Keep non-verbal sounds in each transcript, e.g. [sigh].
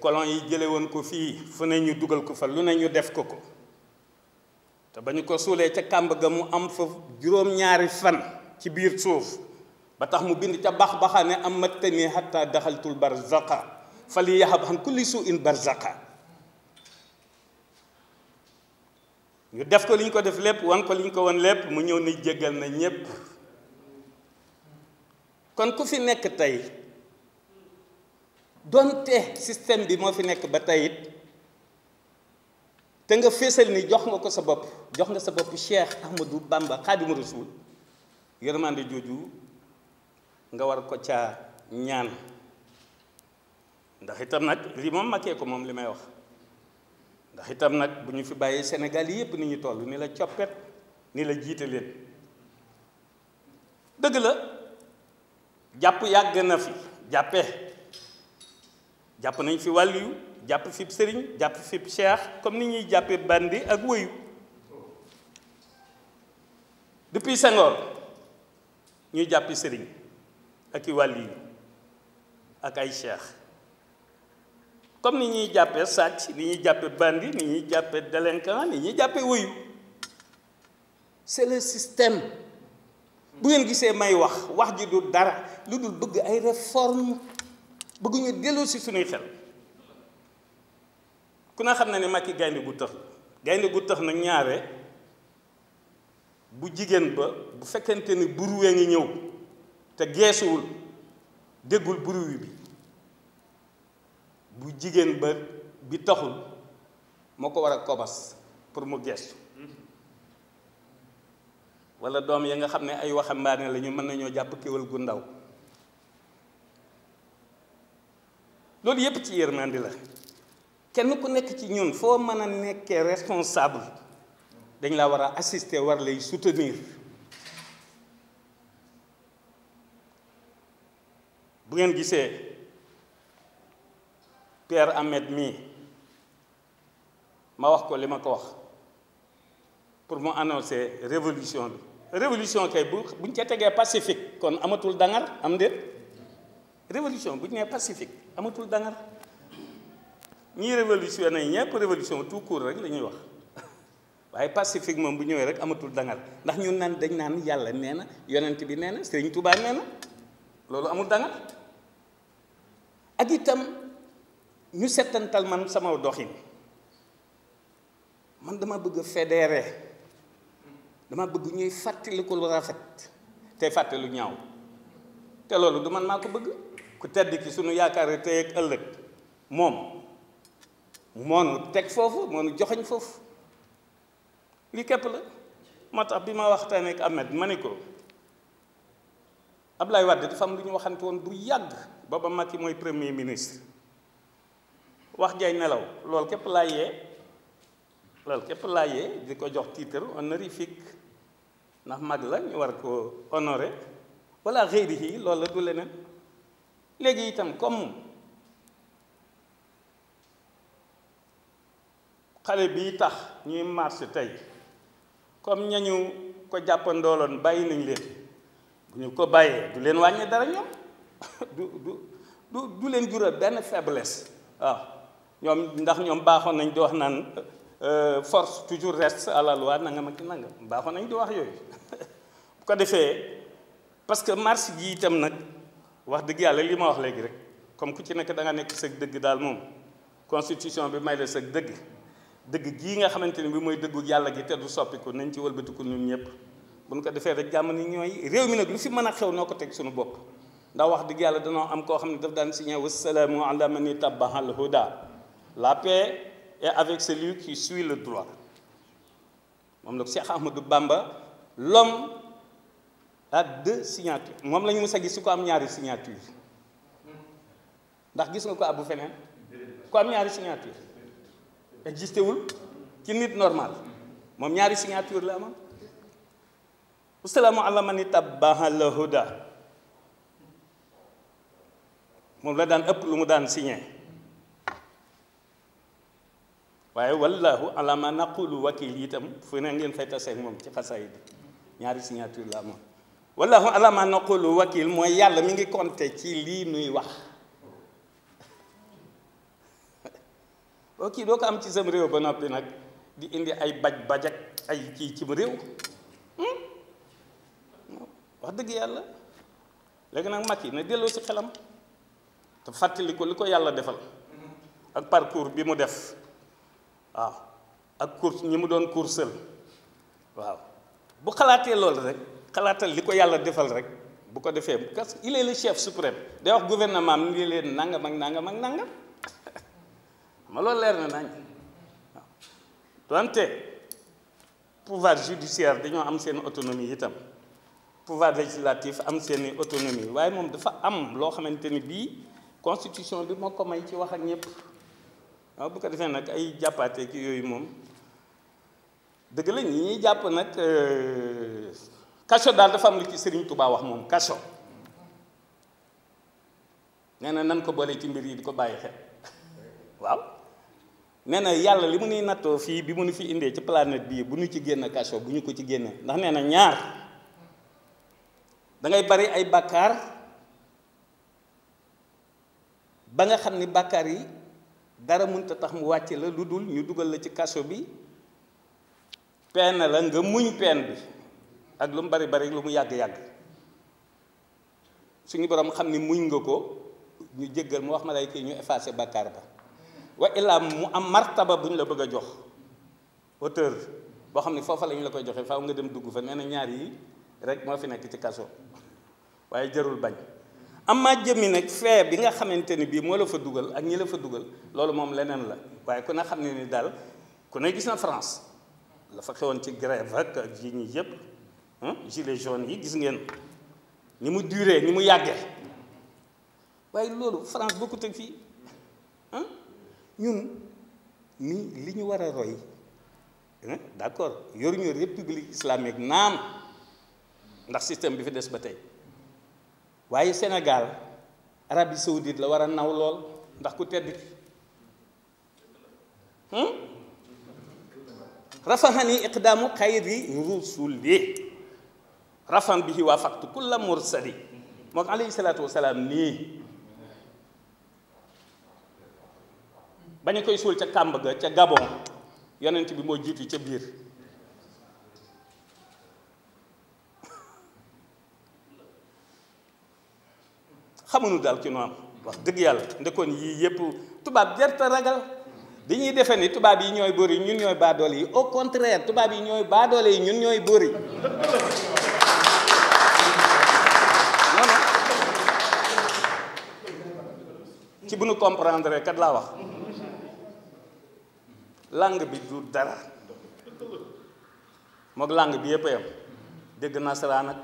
colon yi jële won ko fi fu ne ñu duggal ko fa lu ne ñu def ko ko te ba ko suulee ca kàmb ga mu am fa juróom-ñaari fan ci biir suuf ba tax mu bind ca bax baxa ne am matani hatta dakhaltul barzaqa fali yahab han kulli su'in barzaqa ñu def ko liñ ko def lépp wan ko liñ ko won lépp mu ñëw ni jéggal na ñépp kon ku fi nekk tey donte système bi mo fi nek ba tayit te nga fessel ni jox nga ko sa bop jox nga sa bop Cheikh Ahmadou Bamba khadim rasoul yermande joju nga war ko caa ñaan ndax itam nak li mom maké ko mom limay wax ndax itam nak buñu fi bayé Sénégal yépp ni ñu tollu ni la ciopet ni la jité leen deug la japp yag na fi jappé japp nañ fi wàlliyu japp fi sëriñ japp fi cheikh comme ni ñuy jàppe bandi ak wëyu depuis Senghor ñuy jàppi sëriñ ak i wàlliyu ak ay cheikh comme ni ñuy jàppe sàcc ni ñuy jàppe bandi ni ñuy jàppe délinquant ni ñuy jàppe wëyu c'est le système bu ngeen gisee may wax wax ji du dara lu dul bëgg ay réforme ñu delu ci suñu xel ku na xam na ne Macky gaynde gu tax gaynde gu tax nag ñaare bu jigéen ba bu fekkente ni buruwee ngi ñëw te geesuwul déggul wi bi bu jigéen ba bi taxul moo ko war a kobas pour mu geestu wala doom ya nga xam ne ay waxambaane la ñu mën nañoo jàpp kéwal gu ndaw loolu yépp ci yërmande la kenn ku nekk ci ñun foo mën a nekkee responsable dañ la war a assister war lay soutenir bu ngeen gisee Pierre Ahmed mii ma wax ko li ma ko wax pour mu annoncer révolution bi révolution kay bu buñ ca tegee pacifique kon amatul dangar am déet révolution bu ñu pacifique amatul dangar ñi révolution ñepp révolution tout court rek la wax waaye pacifique mom bu ñëwé rek amatul dangar ndax ñu naan dañ naan yalla néna yonent bi néna serigne touba néna lolu amul dangar ak itam ñu sétantal man sama doxine man dama bëgg a fédéré dama bëgg ñuy fàttaliku lu rafet te fàtte ñaaw te loolu du man maa ko bëgg ku tedd ki sunu yaakaar tey ak ëllëg moom moonu teg foofu moonu joxoñ foofu li képp la moo tax bi ma waxtaanee ak Ahmed ma ne ko ab Ablaye Wade dafa am lu ñu waxante woon bu yàgg booba Macky mooy premier ministre wax jay nelaw loolu képp laa yee loolu képp laa yee di ko jox titre honorifique ndax mag la ñu war ko honoré wala xëyri yi loolu la du leneen léegi itam comme xale bi tax ñuy marché tey comme ñañu ko jàppandooloon bàyyi nañ leen bu ñu ko bàyyee du leen wàññee dara ñoom [laughs] du du du du leen jural benn faiblesse waaw ñoom ndax ñoom baaxoon nañ di wax naan euh, force toujours reste à la loi nangam ak nangam baaxoon nañ di wax yooyu [laughs] bu ko defee parce que marché gi itam nag wax deug yalla li ma wax legui rek comme ku ci nek da nga nek sa deug dal mom constitution bi may le sa deug deug gi nga xamanteni ne bi mooy dëggu yalla gi te du ko nañ ci wëlbatiku ñun ñëpp bu ñu ko defé rek jàmm ni ñoy rew mi nak lu fi mëna xew noko ko suñu bopp ndax wax dëgg yàlla danoo am ko xam ne daf daan signé wasalaamu ala man tabaha al huda la paix est avec celui qui suit le droit mom la Cheikh Ahmadou Bamba l'homme ak ah, deux signature moom lañu mës a gis ko am ñaari signature ndax gis nga ko abu feneen ku am ñaari signature existé ci nit normal moom ñaari signature la amoon usalaamu ala man ittabaha la huda moom la daan ëpp lu mu daan signé waaye wallahu ala ma naqulu wakil itam fu ne ngeen fay taseeg moom ci xasaay bi ñaari signature la amoon wallahu ala ma naqulu wakil mooy yàlla mu ngi compter ci lii muy wax [laughs] kii doo ko am ci sam réew ba noppi nag di indi ay baj bajak ay kii cim réew hmm? wax dëgg yàlla léegi nag mag yi na delloo si xelam te fàttali ko li ko yàlla defal ak parcours bi mu def waaw ak course ñi mu doon coursel waaw bu xalaatee lool rek il est le chef suprême day wax gouvernement leen nangam ak nangam ak nangam [laughs] ma leer nañ pouvoir judiciaire dañoo am autonomie itam pouvoir législatif am autonomie waaye dafa am constitution bi moo may ci wax ak bu ko ay ki euh, kaso dal dafa am li ci Serigne Touba wax mom kaso nee nan ko bolé ci mbir yi di ko xel waw nee yalla limu ni natto fi bi mu fi indé ci planète bi bu ci génné kaso bu ko ci génné ndax nee na ñaar da ngay bari ay bàkkaar ba nga xamni ni yi dara mënta tax mu wàcce la luddul ñu duggal la ci kasso bi pen la nga muñ pen bi ak lu mu bari bari lu mu yàgg-yàgg suñu boroom xam ni muñ nga ko ñu jéggal mu wax malayka yi ñu effacé bàkkaar ba wa illaa mu am martaba bu ñu la bëgg a jox hauteur boo xam ne foofa lañu la koy joxe faw nga dem dugg fa nee na ñaar yi rek moo fi nekk ci kaso waaye jërul bañ am ma jëmmi nag fee bi nga xamante ni bii moo la fa dugal ak ñi la fa dugal loolu moom leneen la waaye ku ne xam ne ni daal ku ne gis na France la fa xewoon ci grève ak ji ñi yëpp Hein? gilet jaune yi gis ngeen ni mu duree ni mu yàggee waaye loolu France bokkut ak fii hein? ñun ni li ñu war a roy hein? d'accord yoruñu république islamique naam ndax système bi fi des ba tey waaye Sénégal Arabie saoudite la war a naw lool ndax ku tedd ki rafaxani iqdamu xayri rusuli rafan bihi waa faktu kulla mursali moo ko alayhi salaatu wasalaam nii ba ñu koy suul ca kàmb ga ca Gabon yonent bi moo jiitu ca biir xamuñu dal ki nu am wax dëgg yàlla ndekoon yii yëpp tubaab gerte ragal dañuy defe ni tubaab yi ñooy bëri ñun ñooy baadoole yi au contraire tubaab yi ñooy baadoole yi ñun ñooy bëri nu comprendre kat laa wax langue bi du dara mook langue bi yëpp a yem dégg nasaraan ak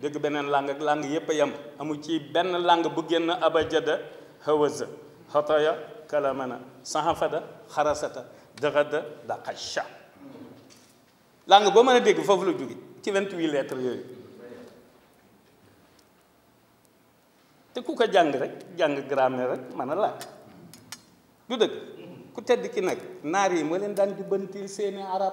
dégg beneen langue ak langue yëpp a amul ci benn langue bu génn abajada hawaza xotoya kalamana sahafada xarasata dëxada daqasha langue boo mën a dégg foofu la jóge ci 28 lettres yooyu te ku ko jàng rek jàng grammaire rek mën a làkk du dëgg ku tedd ki nag naar yi moo leen daan jubbantil seeni arab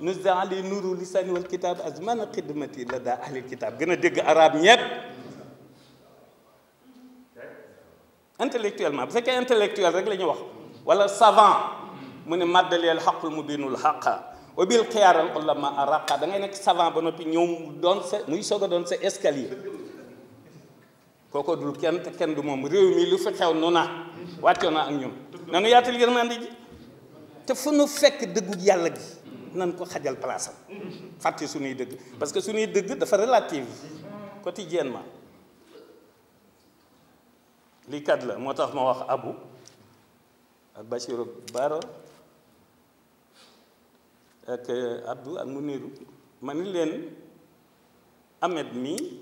nous li nuru lisani wal kitab as man a xidmati la daa ahlil kitab gën a dégg arab ñepp intellectuellement bu fekkee intellectuel rek la wax wala savant mu ne maddaleel xaqul mubinul xaqa wa bil xiyaaral ulama araqa da ngay nekk savant ba noppi ñëw doon sa muy soog a doon sa escalier kooko dul kenn te kenn du moom réew mi lu fi xew nu na wàccoo na ak ñun nanu yaatal yërmande ji te fu nu fekk dëggu yàlla gi nan ko xajal palaasam fàtte suñuy dëgg parce que suñuy dëgg dafa relative quotidiennement lii kat la moo tax ma wax abu ak Bachirou Baro ak Abdou ak Muniru ma ni leen Ahmed mii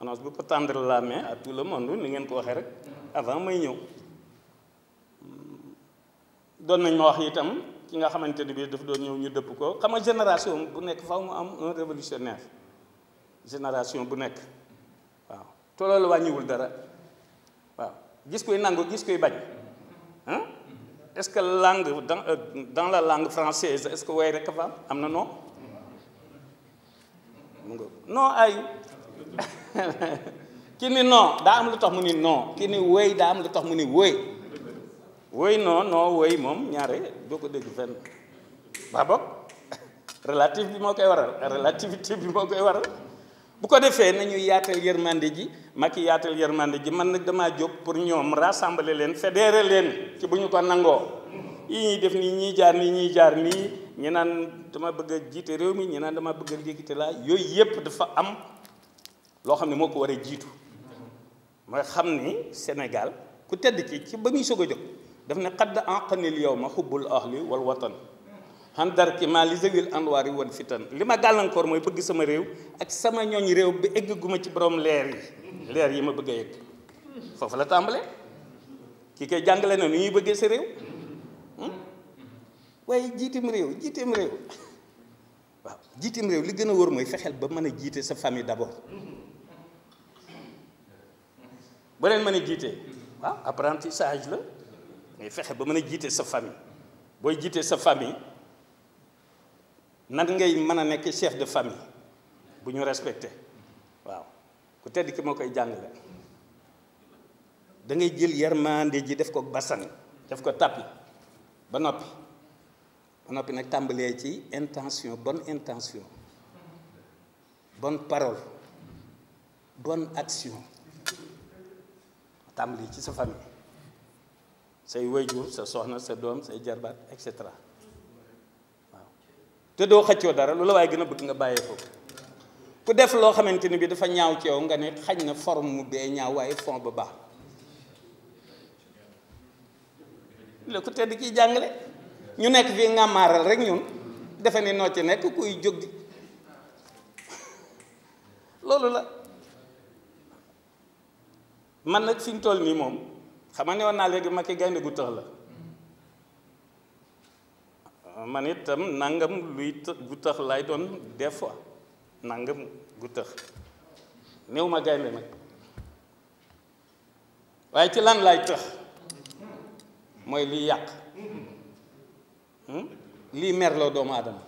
annonce tendre la main à tout le monde ni ko rek avant may nañ ma wax itam ki nga génération bu révolutionnaire génération bu waaw hein? est-ce que langue euh, dans la langue française est-ce que vous rek fa non non [laughs] ki ni non daa am lu tax mu ni non ki ni wëy daa am lu tax mu ni woy woy non no woy moom ñaare doo ko dégg fenn ba bokk relatif bi moo koy waral relativité bi moo koy waral bu ko defee nañu yaatal yërmande ji Macky yaatal yërmande ji man nag damaa jóg pour ñoom rassembler leen fédérer leen ci bu ñu ko nangoo yi ñuy def nii ñuy jaar nii ñuy jaar nii ñu naan dama bëgg a jiite réew mi ñu naan dama bëgg a liggéey laa yooyu yëpp dafa am loo xam ne moo ko war a jiitu mooy xam ni Sénégal ku tedd ki ci ba muy soog a jóg daf ne xadd enqanil yow ma xubbul ahli wal watan xandar ki li zawil anwaar yi wan fitan li ma gàllankoor mooy bëgg sama réew ak sama ñooñ réew bi egg guma ci boroom leer yi leer yi ma bëgg a yegg foofu la tàmbale ki koy jàngale na nu ñuy bëggee sa réew hmm? waaye jiitim réew jiitim réew waaw jiitim li gën a war mooy fexeel ba mën a jiite sa famille d'abord Ah, apprentissage la ngay ba sa famille boy jiite sa famille nan ngay un nek chef de famille buñu respecté waaw ku tedd ki mokay da ngay jël ji ko def ko tappi ba ci intention bonne intention bonne parole bonne action tàmbali ci sa famille say wayjur sa soxna sa doom say jarbaat et cetera waaw te doo xëccoo dara lu la waaye gën a bëgg nga bàyyee ko ku def loo xamante ni bi dafa ñaaw ci yow nga ne xañ na forme mu bee ñaaw waaye fond ba baax la ku tedd jàngale ñu nekk fii rek ñun defe ni noo ci nekk kuy jóg [laughs] loolu la man nag fi ñu toll moom xam nga ne woon naa léegi Macky gaynde gu tëx la man itam nangam luy gu tëx laay doon des nangam gu tëx néew ma gaynde nag waaye ci lan laay tëx mooy liy yàq hmm? lii merloo doomu aadama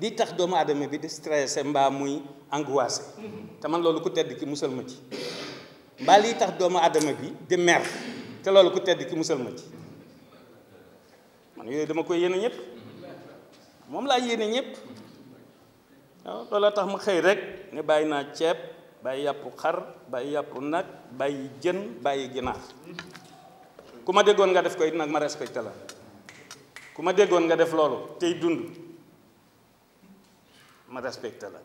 lii tax doomu aadama bi di stressé mbaa muy angoissé te man loolu ku tedd ki musal ma ci mbaa liy tax doomu adama bi di mer te loolu ku tedd ki musal ma ci man yooyu dama koy yéene ñëpp moom laa yéene ñëpp waaw looloo tax ma xëy rek ne bàyyi naa ceeb bàyyi yàppu xar bàyyi yàppu nag bàyyi jën bàyyi ginaar ku ma déggoon nga def koy nag ma respecté la ku ma déggoon nga def loolu tey dund ma respecté la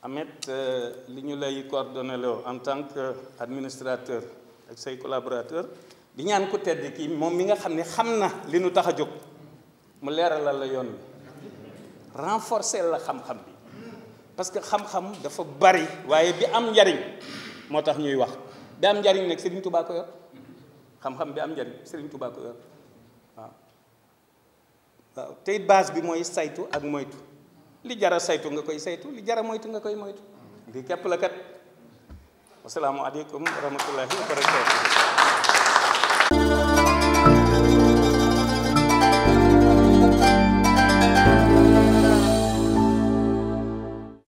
Ameth euh, li ñu lay coordonné loo en tant que administrateur ak say collaborateur di ñaan ku tedd kii moom mi nga xam ne xam na li nu tax a jóg mu leeralal la yoon bi renforcer la xam-xam bi parce que xam-xam dafa bari waaye bi am njariñ moo tax ñuy wax bi am njariñ nag Serigne Touba ko yor xam-xam bi am njariñ Serigne Touba ko yor waaw tey base bi mooy saytu ak moytu. li jara saytu nga koy saytu li jara moytu nga koy moytu di kep la kat assalamu aleykum wa rahmatullahi wa barakatuh